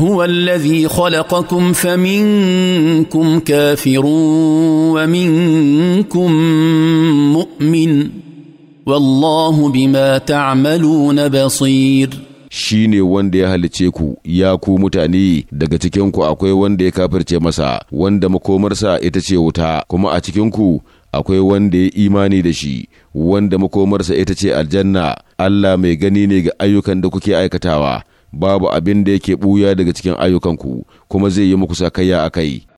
هو الذي خلقكم فمنكم كافر ومنكم مؤمن والله بما تعملون بصير shi ne wanda ya halice ku ya ku mutane daga cikinku akwai wanda ya kafirce masa wanda makomarsa ita ce wuta kuma a cikinku akwai wanda ya imani da shi wanda makomarsa ita ce aljanna Allah mai gani ne ga ayyukan da kuke aikatawa babu abin da yake buya daga cikin ayyukanku kuma zai yi muku sakayya a kai